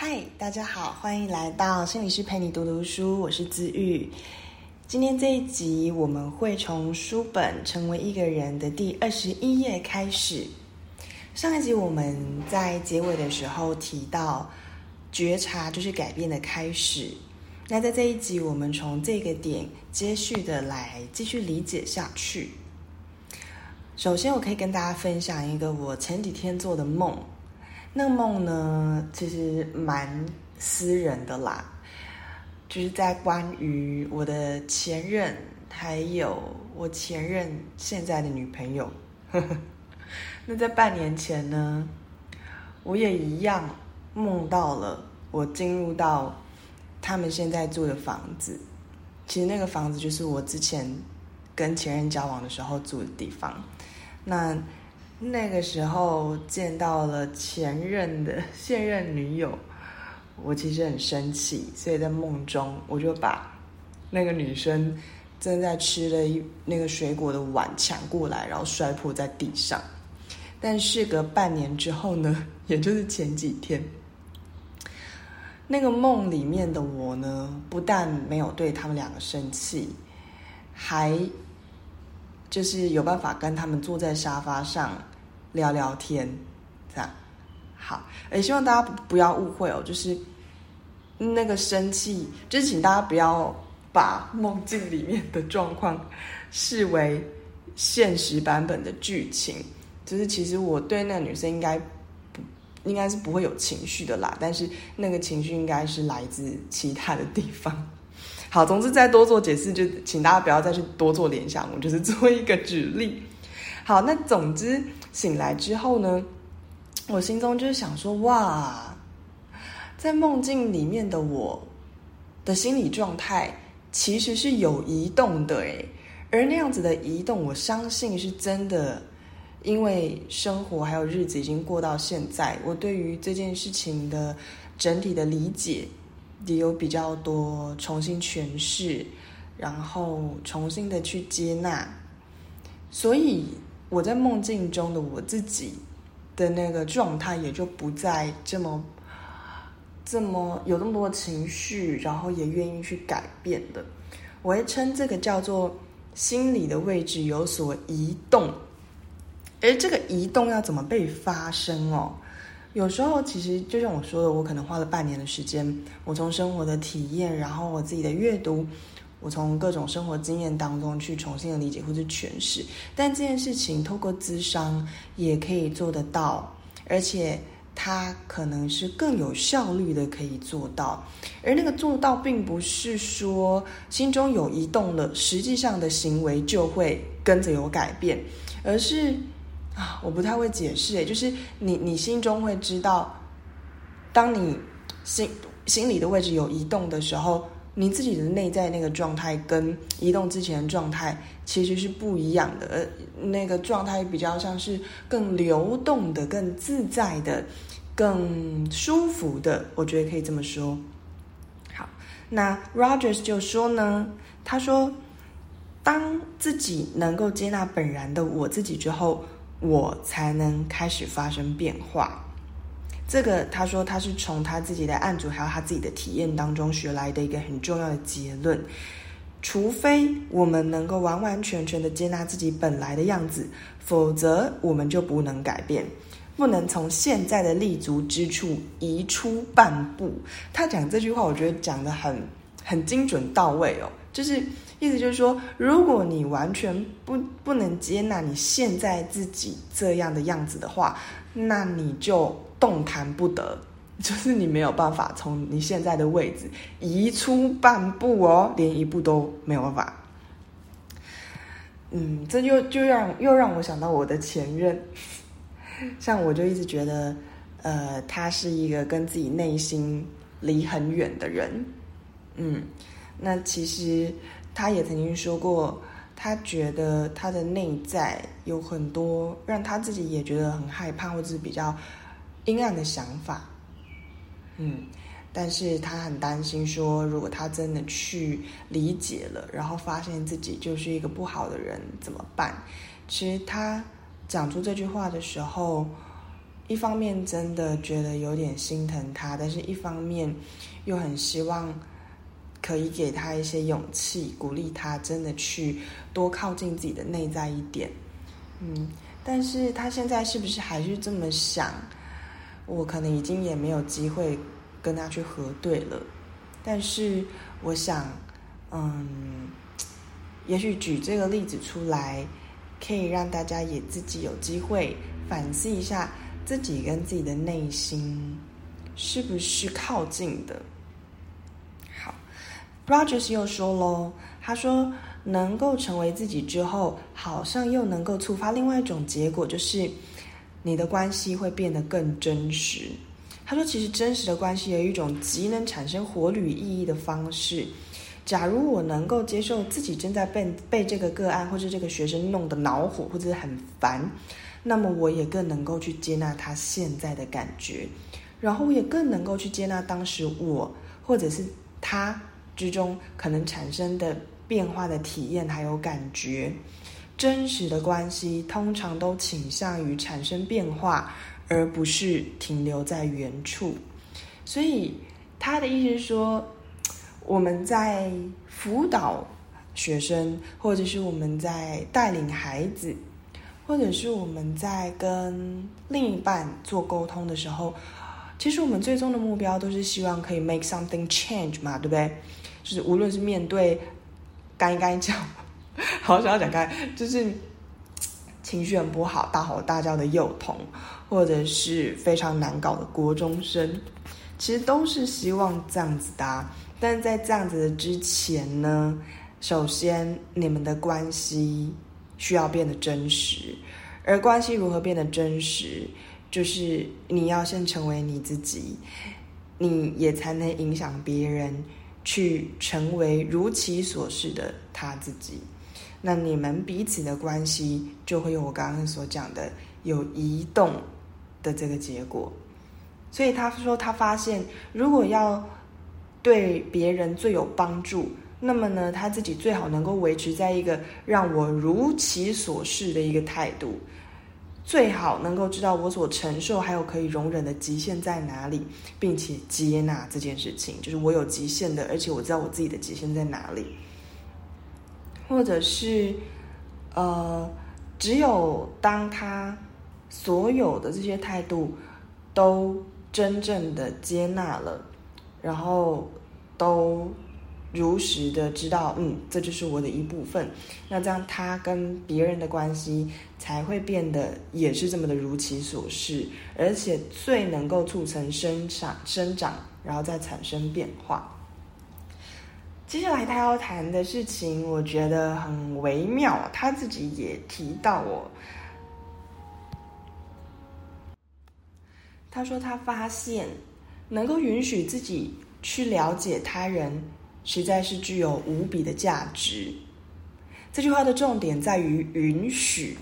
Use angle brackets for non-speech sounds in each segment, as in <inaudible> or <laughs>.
嗨，大家好，歡迎來到心理師陪你讀讀書，我是子玉。今天這一集我們會從書本成為一個人的第二十一頁開始。上一集我們在結尾的時候提到，覺察就是改變的開始。那在這一集，我們從這個點接續的來繼續理解下去。首先，我可以跟大家分享一個我前幾天做的夢。那個夢呢，其實蠻私人的啦，就是在關於我的前任，還有我前任現在的女朋友。 <laughs> 那在半年前呢，我也一樣夢到了我進入到他們現在住的房子。其實那個房子就是我之前跟前任交往的時候住的地方。那那個時候見到了前任的現任女友，我其實很生氣，所以在夢中我就把那個女生正在吃的一那個水果的碗搶過來，然後摔破在地上。但事隔半年之後呢，也就是前幾天，那個夢裡面的我呢，不但沒有對他們兩個生氣，還。就是有辦法跟他們坐在沙發上聊聊天，這樣好。也、欸、希望大家不，不要誤會哦，就是那個生氣，就是請大家不要把夢境裡面的狀況視為現實版本的劇情。就是其實我對那個女生應該應該是不會有情緒的啦，但是那個情緒應該是來自其他的地方。好，總之再多做解釋，就請大家不要再去多做聯想。我就是做一個舉例。好，那總之醒來之後呢，我心中就是想說，哇，在夢境裡面的我的心理狀態其實是有移動的誒，而那樣子的移動，我相信是真的，因為生活還有日子已經過到現在，我對於這件事情的整體的理解。也有比較多重新詮釋，然後重新的去接納，所以我在夢境中的我自己的那個狀態也就不再這麼這麼有這麼多情緒，然後也願意去改變的。我會稱這個叫做心理的位置有所移動，而這個移動要怎麼被發生哦？有時候，其實就像我說的，我可能花了半年的時間，我從生活的體驗，然後我自己的閱讀，我從各種生活經驗當中去重新的理解或者詮釋。但這件事情透過諮商也可以做得到，而且它可能是更有效率的可以做到。而那個做到，並不是說心中有移動了，實際上的行為就會跟着有改變，而是。啊，我不太會解釋誒，就是你，你心中會知道，當你心心裡的位置有移動的時候，你自己的內在那個狀態跟移動之前的狀態其實是不一樣的，呃，那個狀態比較像是更流動的、更自在的、更舒服的，我覺得可以這麼說。好，那 Rogers 就說呢，他說，當自己能夠接納本然的我自己之後，我才能開始發生變化。這個，他說他是從他自己的案主，還有他自己的體驗當中學來的一個很重要的結論。除非我們能夠完完全全的接納自己本來的樣子，否則我們就不能改變，不能從現在的立足之處移出半步。他講這句話，我覺得講得很很精準到位哦。就是意思就是說，如果你完全不不能接納你現在自己這樣的樣子的話，那你就動彈不得，就是你沒有辦法從你現在的位置移出半步哦，連一步都沒有辦法。嗯，這就就讓又讓我想到我的前任，像我就一直覺得，呃，他是一個跟自己內心離很遠的人。嗯。那其實，他也曾經說過，他覺得他的內在有很多讓他自己也覺得很害怕，或者是比較陰暗的想法。嗯，但是他很擔心，說如果他真的去理解了，然後發現自己就是一個不好的人，怎麼辦？其實他講出這句話的時候，一方面真的覺得有點心疼他，但是一方面又很希望。可以給他一些勇氣，鼓勵他真的去多靠近自己的內在一點。嗯，但是他現在是不是還是這麼想？我可能已經也沒有機會跟他去核對了。但是我想，嗯，也許舉這個例子出來，可以讓大家也自己有機會反思一下，自己跟自己的內心是不是靠近的。Rogers 又說嘍，他說能夠成為自己之後，好像又能夠觸發另外一種結果，就是你的關係會變得更真實。他說，其實真實的關係有一種極能產生活旅意義的方式。假如我能夠接受自己正在被被這個個案或者這個學生弄得惱火或者很煩，那麼我也更能夠去接納他現在的感覺，然後我也更能夠去接納當時我或者是他。之中可能產生的變化的體驗還有感覺。真實的關係通常都傾向於產生變化，而不是停留在原處。所以他的意思是說，我們在輔導學生，或者是我們在帶領孩子，或者是我們在跟另一半做溝通的時候，其實我們最終的目標都是希望可以 make something change 嘛，對不對？就是無論是面對剛剛講，好想要講開，就是情緒很不好、大吼大叫的幼童，或者是非常難搞的國中生，其實都是希望這樣子的、啊、但在這樣子的之前呢，首先你們的關係需要變得真實，而關係如何變得真實，就是你要先成為你自己，你也才能影響別人。去成為如其所是的他自己，那你們彼此的關係就會有我剛剛所講的有移動的這個結果。所以他說，他發現如果要對別人最有幫助，那麼呢，他自己最好能夠維持在一個讓我如其所是的一個態度。最好能夠知道我所承受還有可以容忍的極限在哪裡，並且接納這件事情，就是我有極限的，而且我知道我自己的極限在哪裡。或者是，呃，只有當他所有的這些態度都真正的接納了，然後都。如實的知道，嗯，這就是我的一部分。那這樣他跟別人的關係才會變得也是這麼的如其所是，而且最能夠促成生長、生長，然後再產生變化。接下來他要談的事情，我覺得很微妙。他自己也提到我，他說他發現能夠允許自己去了解他人，實在是具有無比的價值。這句話的重點在於允許。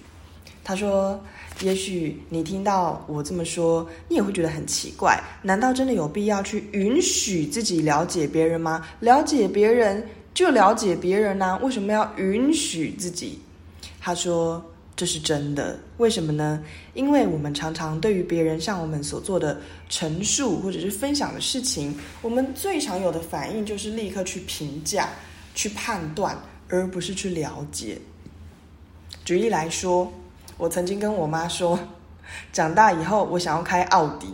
他說：“也許你聽到我這麼說，你也會覺得很奇怪。難道真的有必要去允許自己了解別人嗎？了解別人就了解別人吶、啊，為什麼要允許自己？”他說。這是真的，為什麼呢？因為我們常常對於別人向我們所做的陳述或者是分享的事情，我們最常有的反應就是立刻去評價、去判斷，而不是去了解。舉例來說，我曾經跟我媽說，長大以後我想要開奧迪，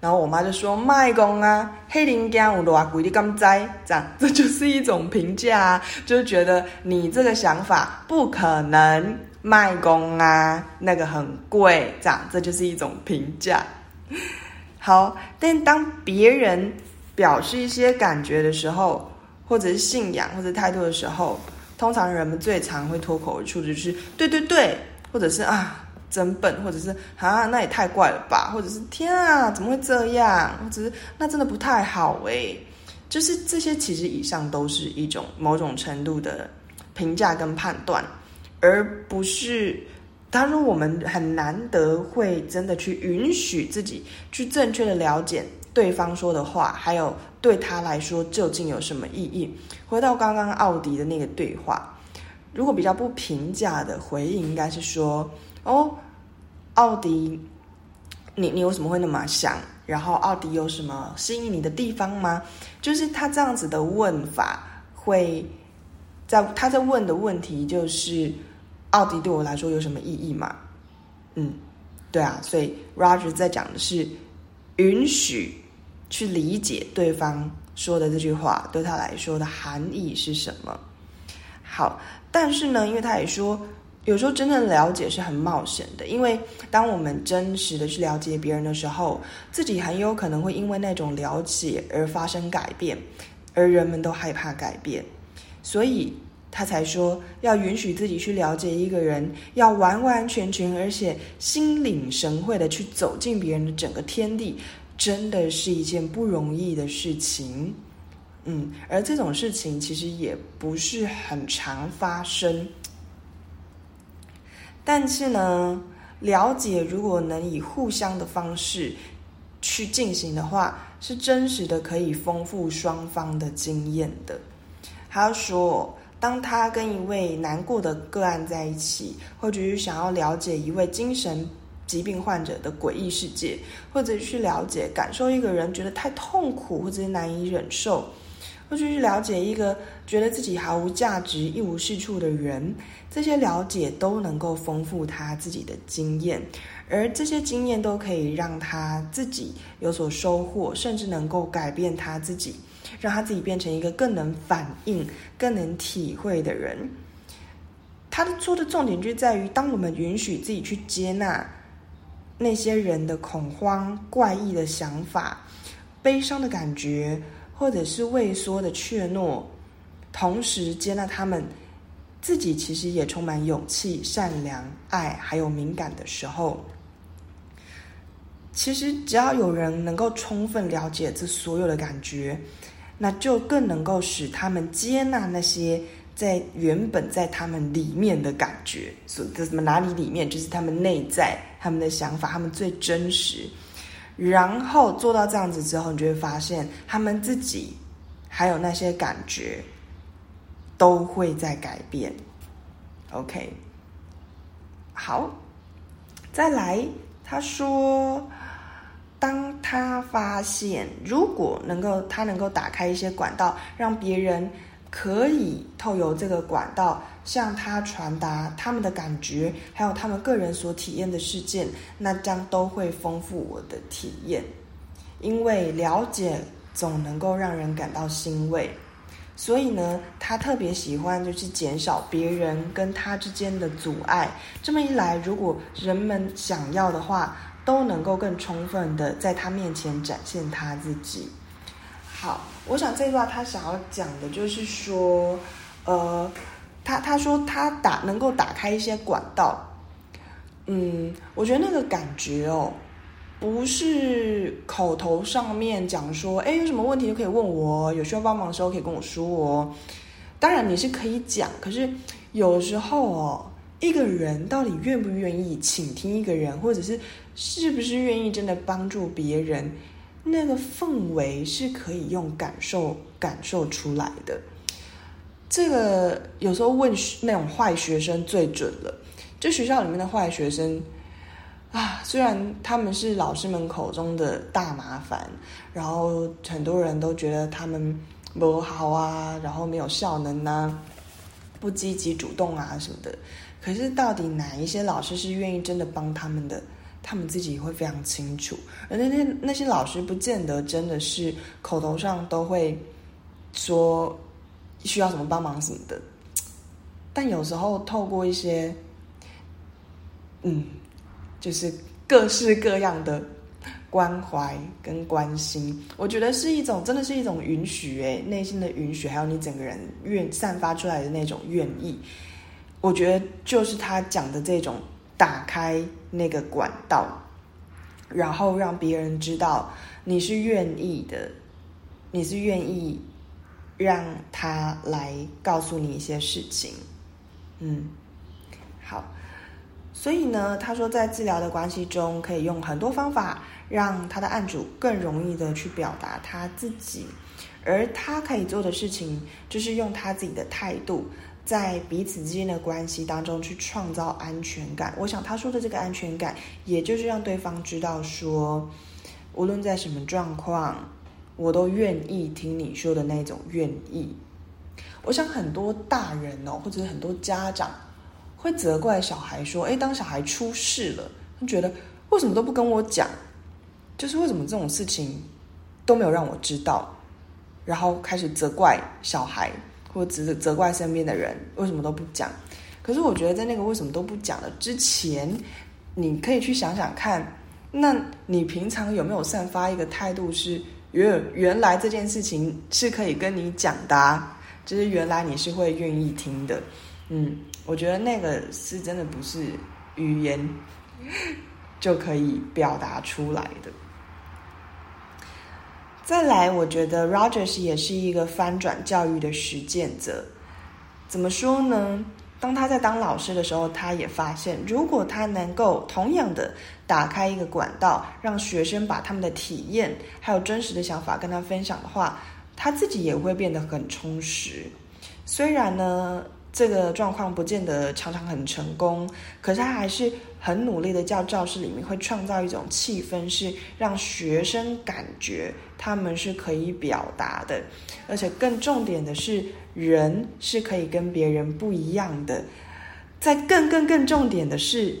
然後我媽就說：“賣公啊，黑林我有阿鬼的甘栽，這樣這就是一種評價啊，就覺得你這個想法不可能。”賣功啊，那個很貴，這樣這就是一種評價。好，但當別人表示一些感覺的時候，或者是信仰或者態度的時候，通常人們最常會脫口而出的就是“對對對”，或者是“啊真笨”，或者是“啊那也太怪了吧”，或者是“天啊怎麼會這樣”，或者是“那真的不太好誒”。就是這些，其實以上都是一種某種程度的評價跟判斷。而不是他說，我們很難得會真的去允許自己去正確的了解對方說的話，還有對他來說究竟有什麼意義。回到剛剛奧迪的那個對話，如果比較不評價的回應，應該是說：“哦，奧迪，你你為什麼會那麼想？然後奧迪有什麼吸引你的地方嗎？”就是他這樣子的問法，會在他在問的問題就是。奧迪對我來說有什麼意義嗎？嗯，對啊，所以 Roger 在講的是允許去理解對方說的這句話對他來說的含義是什麼。好，但是呢，因為他也說有時候真正了解是很冒險的，因為當我們真實的去了解別人的時候，自己很有可能會因為那種了解而發生改變，而人們都害怕改變，所以。他才說要允許自己去了解一個人，要完完全全而且心領神會的去走進別人的整個天地，真的是一件不容易的事情。嗯，而這種事情其實也不是很常發生。但是呢，了解如果能以互相的方式去進行的話，是真實的，可以豐富雙方的經驗的。他說。當他跟一位難過的個案在一起，或者是想要了解一位精神疾病患者的詭異世界，或者去了解感受一個人覺得太痛苦，或者是難以忍受，或者是了解一個覺得自己毫無價值，一無是處的人，這些了解都能夠豐富他自己的經驗，而這些經驗都可以讓他自己有所收穫，甚至能夠改變他自己。讓他自己變成一個更能反應、更能體會的人。他的做的重點就在於，當我們允許自己去接納那些人的恐慌、怪異的想法、悲傷的感覺，或者是畏縮的怯懦，同時接納他們自己其實也充滿勇氣、善良、愛，還有敏感的時候，其實只要有人能夠充分了解這所有的感覺。那就更能夠使他們接納那些在原本在他們裡面的感覺，所以什麼哪裡裡面，就是他們內在、他們的想法、他們最真實。然後做到這樣子之後，你就會發現他們自己還有那些感覺都會在改變。OK，好，再來，他說。當他發現，如果能夠他能夠打開一些管道，讓別人可以透由這個管道向他傳達他們的感覺，還有他們個人所體驗的事件，那將都會豐富我的體驗。因為了解總能夠讓人感到欣慰，所以呢，他特別喜歡就是減少別人跟他之間的阻礙。這麼一來，如果人們想要的話，都能夠更充分地在他面前展現他自己。好，我想這段他想要講的就是說，呃，他他說他打能夠打開一些管道。嗯，我覺得那個感覺哦，不是口頭上面講說，誒，有什麼問題就可以問我，有需要幫忙的時候可以跟我說哦。當然你是可以講，可是有時候哦。一個人到底願不願意傾聽一個人，或者是是不是願意真的幫助別人，那個氛圍是可以用感受感受出來的。這個有時候問那種壞學生最準了，就學校裡面的壞學生啊，雖然他們是老師們口中的大麻煩，然後很多人都覺得他們不好啊，然後沒有效能啊，不積極主動啊什麼的。可是，到底哪一些老師是願意真的幫他們的？他們自己也會非常清楚。而那些那些老師，不見得真的是口頭上都會說需要什麼幫忙什麼的。但有時候，透過一些嗯，就是各式各樣的關懷跟關心，我覺得是一種真的是一種允許欸，內心的允許，還有你整個人願散發出來的那種願意。我覺得就是他講的這種打開那個管道，然後讓別人知道你是願意的，你是願意讓他來告訴你一些事情。嗯，好。所以呢，他說在治療的關係中可以用很多方法讓他的案主更容易地去表達他自己，而他可以做的事情就是用他自己的態度。在彼此之間的關係當中去創造安全感。我想他說的這個安全感，也就是讓對方知道說，無論在什麼狀況，我都願意聽你說的那種願意。我想很多大人哦，或者很多家長會責怪小孩說：“哎，當小孩出事了，他覺得為什麼都不跟我講？就是為什麼這種事情都沒有讓我知道？”然後開始責怪小孩。或只責怪身邊的人，為什麼都不講？可是我覺得，在那個為什麼都不講的之前，你可以去想想看，那你平常有沒有散發一個態度是，是原原來這件事情是可以跟你講的啊，就是原來你是會願意聽的。嗯，我覺得那個是真的不是語言就可以表達出來的。再來，我覺得 Rogers 也是一個翻轉教育的實踐者。怎麼說呢？當他在當老師的時候，他也發現，如果他能夠同樣的打開一個管道，讓學生把他們的體驗還有真實的想法跟他分享的話，他自己也會變得很充實。雖然呢。這個狀況不見得常常很成功，可是他還是很努力的教教室裡面會創造一種氣氛，是讓學生感覺他們是可以表達的，而且更重點的是，人是可以跟別人不一樣的。再更更更重點的是，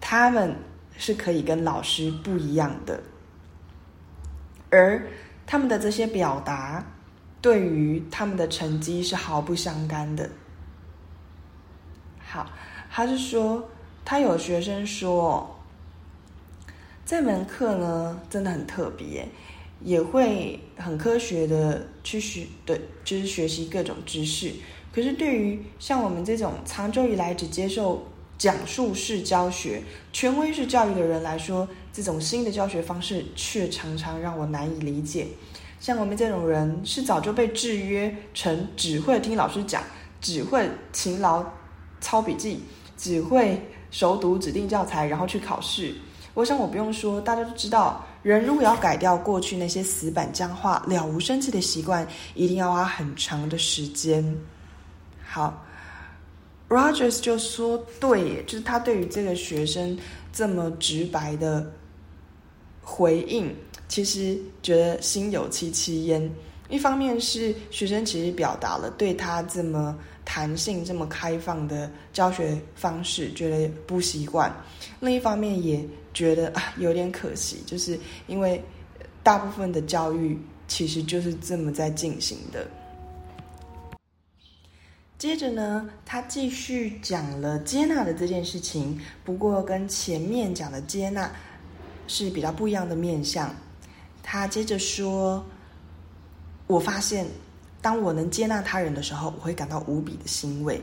他們是可以跟老師不一樣的，而他們的這些表達對於他們的成績是毫不相干的。好，他是說，他有學生說，這門課呢真的很特別，也會很科學的去學，對，就是學習各種知識。可是對於像我們這種長久以來只接受講述式教學、權威式教育的人來說，這種新的教學方式卻常常讓我難以理解。像我們這種人，是早就被制約成只會聽老師講，只會勤勞。抄筆記，只會熟讀指定教材，然後去考試。我想我不用說，大家都知道，人如果要改掉過去那些死板僵化、了無生氣的習慣，一定要花很長的時間。好，Rogers 就說對，就是他對於這個學生這麼直白的回應，其實覺得心有戚戚焉。一方面是學生其實表達了對他這麼。彈性這麼開放的教學方式，覺得不習慣；另一方面也覺得啊有點可惜，就是因為大部分的教育其實就是這麼在進行的。接着呢，他繼續講了接納的這件事情，不過跟前面講的接納是比較不一樣的面向。他接着說：“我發現。”當我能接納他人的時候，我會感到無比的欣慰。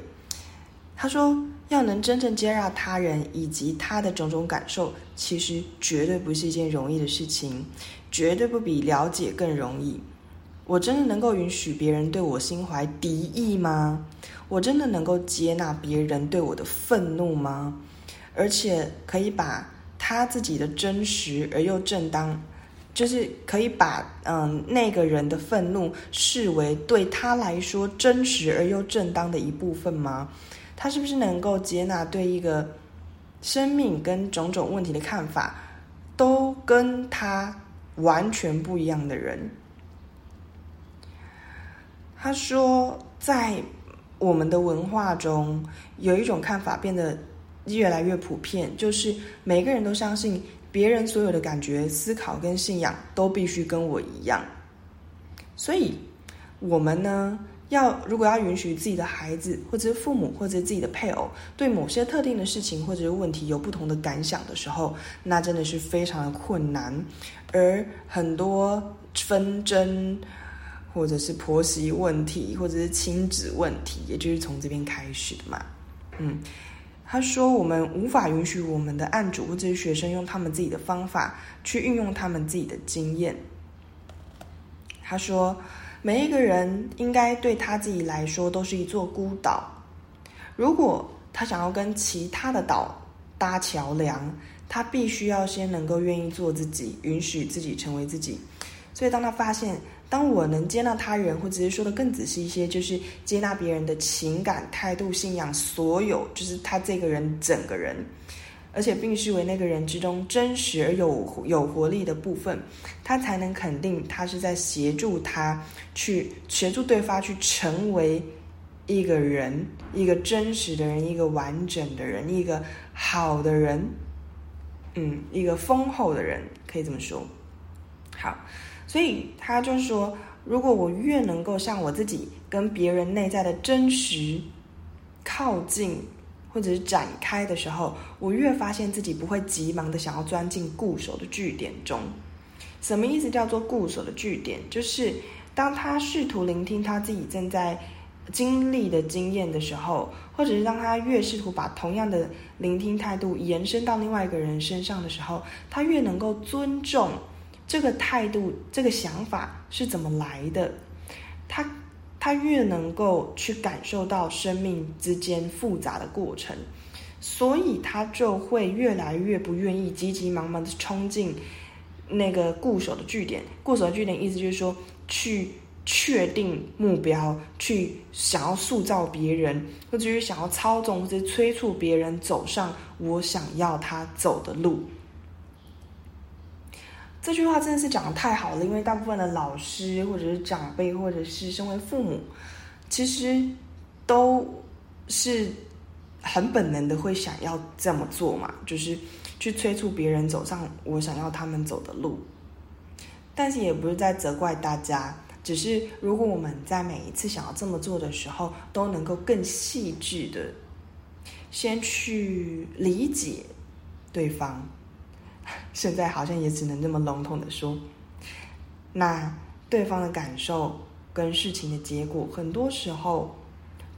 他說，要能真正接納他人以及他的種種感受，其實絕對不是一件容易的事情，絕對不比了解更容易。我真的能夠允許別人對我心懷敵意嗎？我真的能夠接納別人對我的憤怒嗎？而且可以把他自己的真實而又正當。就是可以把嗯那個人的憤怒視為對他來說真實而又正當的一部分嗎？他是不是能夠接納對一個生命跟種種問題的看法都跟他完全不一樣的人？他說，在我們的文化中，有一種看法變得越來越普遍，就是每個人都相信，別人所有的感覺、思考跟信仰都必須跟我一樣，所以我們呢，要如果要允許自己的孩子，或者是父母，或者自己的配偶，對某些特定的事情或者是問題有不同的感想的時候，那真的是非常的困難。而很多紛爭，或者是婆媳問題，或者是親子問題，也就是從這邊開始的嘛，嗯。他說：“我們無法允許我們的案主或者學生用他們自己的方法去運用他們自己的經驗。”他說：“每一個人應該對他自己來說都是一座孤島。如果他想要跟其他的島搭橋梁，他必須要先能夠願意做自己，允許自己成為自己。所以，當他發現……”當我能接納他人，或者說的更仔細一些，就是接納別人的情感、態度、信仰，所有就是他這個人整個人，而且必須為那個人之中真實而有有活力的部分，他才能肯定他是在協助他去協助對方去成為一個人，一個真實的人，一個完整的人，一個好的人，嗯，一個豐厚的人，可以這麼說。好。所以他就說，如果我越能夠向我自己跟別人內在的真實靠近，或者是展開的時候，我越發現自己不會急忙地想要鑽進固守的據點中。什麼意思？叫做固守的據點，就是當他試圖聆聽他自己正在經歷的經驗的時候，或者是當他越試圖把同樣的聆聽態度延伸到另外一個人身上的時候，他越能夠尊重。這個態度，這個想法是怎麼來的？他，他越能夠去感受到生命之間複雜的過程，所以他就會越來越不願意急急忙忙的衝進那個固守的據點。固守的據點意思就是說，去確定目標，去想要塑造別人，或者是想要操縱或者催促別人走上我想要他走的路。這句話真的是講的太好了，因為大部分的老師，或者是長輩，或者是身為父母，其實都是很本能的會想要這麼做嘛，就是去催促別人走上我想要他們走的路。但是也不是在責怪大家，只是如果我們在每一次想要這麼做的時候，都能夠更細緻的先去理解對方。現在好像也只能這麼籠統的說，那對方的感受跟事情的結果，很多時候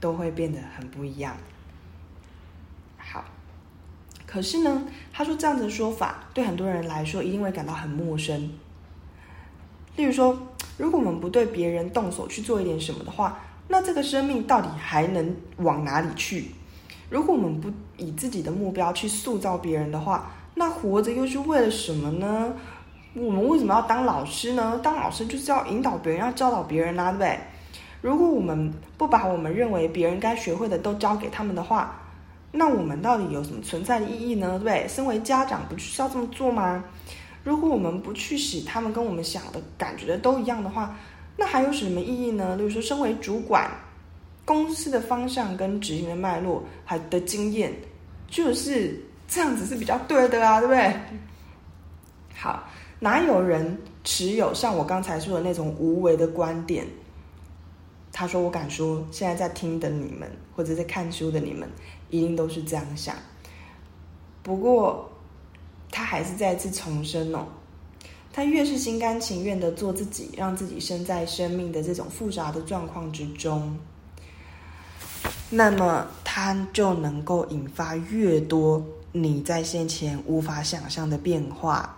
都會變得很不一樣。好，可是呢，他說這樣的說法對很多人來說一定會感到很陌生。例如說，如果我們不對別人動手去做一點什麼的話，那這個生命到底還能往哪裡去？如果我們不以自己的目標去塑造別人的話，那活着又是為了什麼呢？我們為什麼要當老師呢？當老師就是要引導別人，要教導別人啦、啊。對不對？如果我們不把我們認為別人該學會的都教給他們的話，那我們到底有什麼存在的意義呢？對不對？身為家長不就是要這麼做嗎？如果我們不去使他們跟我們想的感覺的都一樣的話，那還有什麼意義呢？例如說身為主管，公司的方向跟執行的脈絡還的經驗，就是。這樣子是比較對的啊，對不對？好，哪有人持有像我剛才說的那種無為的觀點？他說：“我敢說，現在在聽的你們，或者在看書的你們，一定都是這樣想。”不過，他還是再次重申哦，他越是心甘情願地做自己，讓自己身在生命的這種複雜的狀況之中，那麼。他就能夠引發越多你在先前無法想象的變化。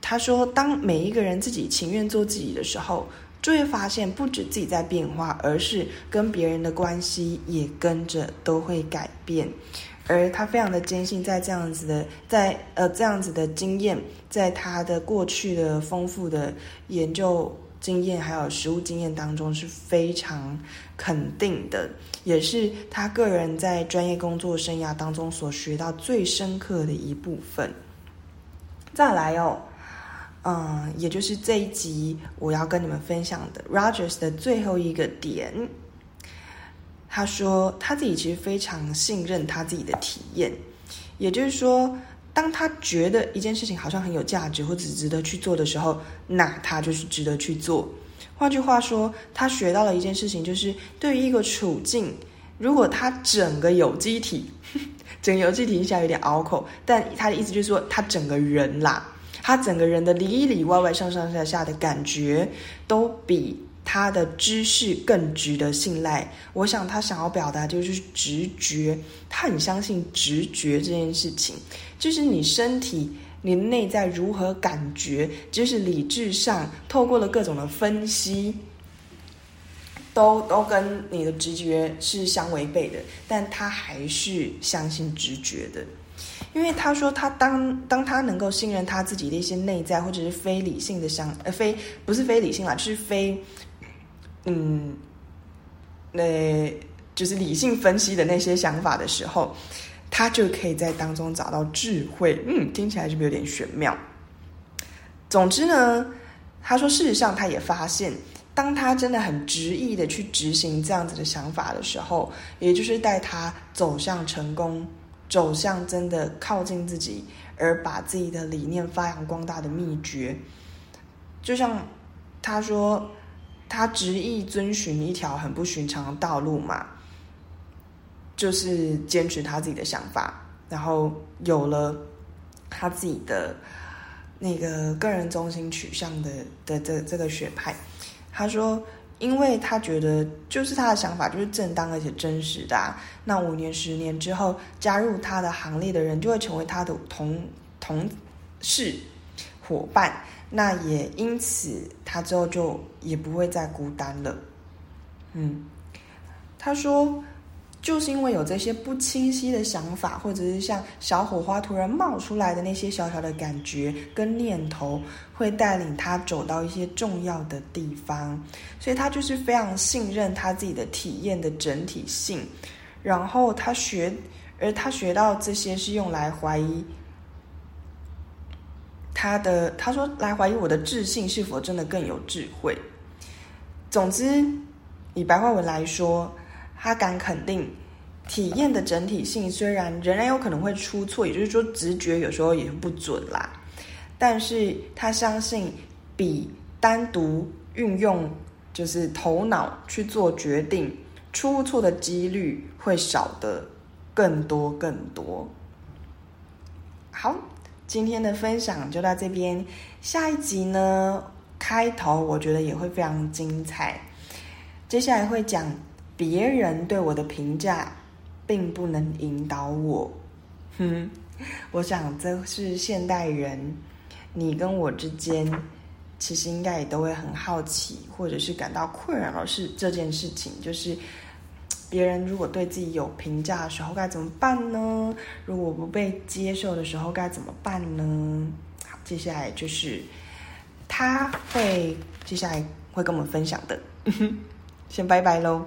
他說，當每一個人自己情願做自己的時候，就會發現不止自己在變化，而是跟別人的關係也跟着都會改變。而他非常的堅信，在這樣子的，在呃這樣子的經驗，在他的過去的豐富的研究。經驗還有實務經驗當中是非常肯定的，也是他個人在專業工作生涯當中所學到最深刻的一部分。再來哦，嗯，也就是這一集我要跟你們分享的，Rogers 的最後一個點。他說他自己其實非常信任他自己的體驗，也就是說。當他覺得一件事情好像很有價值，或者值得去做的時候，那他就是值得去做。換句話說，他學到了一件事情，就是對於一個處境，如果他整個有機體，整個有機體一下有點拗口，但他的意思就是說，他整個人啦，他整個人的裡裡外外、上上下下的感覺都比。他的知識更值得信賴。我想他想要表達就是直覺，他很相信直覺這件事情。就是你身體、你內在如何感覺，就是理智上透過了各種的分析，都都跟你的直覺是相違背的。但他還是相信直覺的，因為他說他當當他能夠信任他自己的一些內在，或者是非理性的想，呃，非，不是非理性啦，就是非。嗯，那就是理性分析的那些想法的時候，他就可以在當中找到智慧。嗯，聽起來是不是有點玄妙？總之呢，他說，事實上他也發現，當他真的很執意的去執行這樣子的想法的時候，也就是帶他走向成功，走向真的靠近自己，而把自己的理念發揚光大的秘訣，就像他說。他執意遵循一條很不尋常的道路嘛，就是堅持他自己的想法，然後有了他自己的那個個人中心取向的的這這個學派。他說，因為他覺得就是他的想法就是正當而且真實的啊，那五年十年之後加入他的行列的人就會成為他的同同事、夥伴，那也因此，他之後就也不會再孤單了。嗯，他說，就是因為有這些不清晰的想法，或者是像小火花突然冒出來的那些小小的感覺跟念頭，會帶領他走到一些重要的地方，所以他就是非常信任他自己的體驗的整體性。然後他學，而他學到這些是用來懷疑。他的他說來懷疑我的智性是否真的更有智慧。總之，以白話文來說，他敢肯定，體驗的整體性雖然仍然有可能會出錯，也就是說直覺有時候也不準啦。但是他相信，比單獨運用就是頭腦去做決定，出錯的幾率會少得更多更多。好。今天的分享就到這邊，下一集呢，開頭我覺得也會非常精彩。接下來會講別人對我的評價，並不能引導我。哼、嗯，我想這是現代人，你跟我之間其實應該也都會很好奇，或者是感到困擾的是這件事情，就是。別人如果對自己有評價的時候該怎麼辦呢？如果不被接受的時候該怎麼辦呢？好，接下來就是他會接下來會跟我們分享的。先拜拜嘍。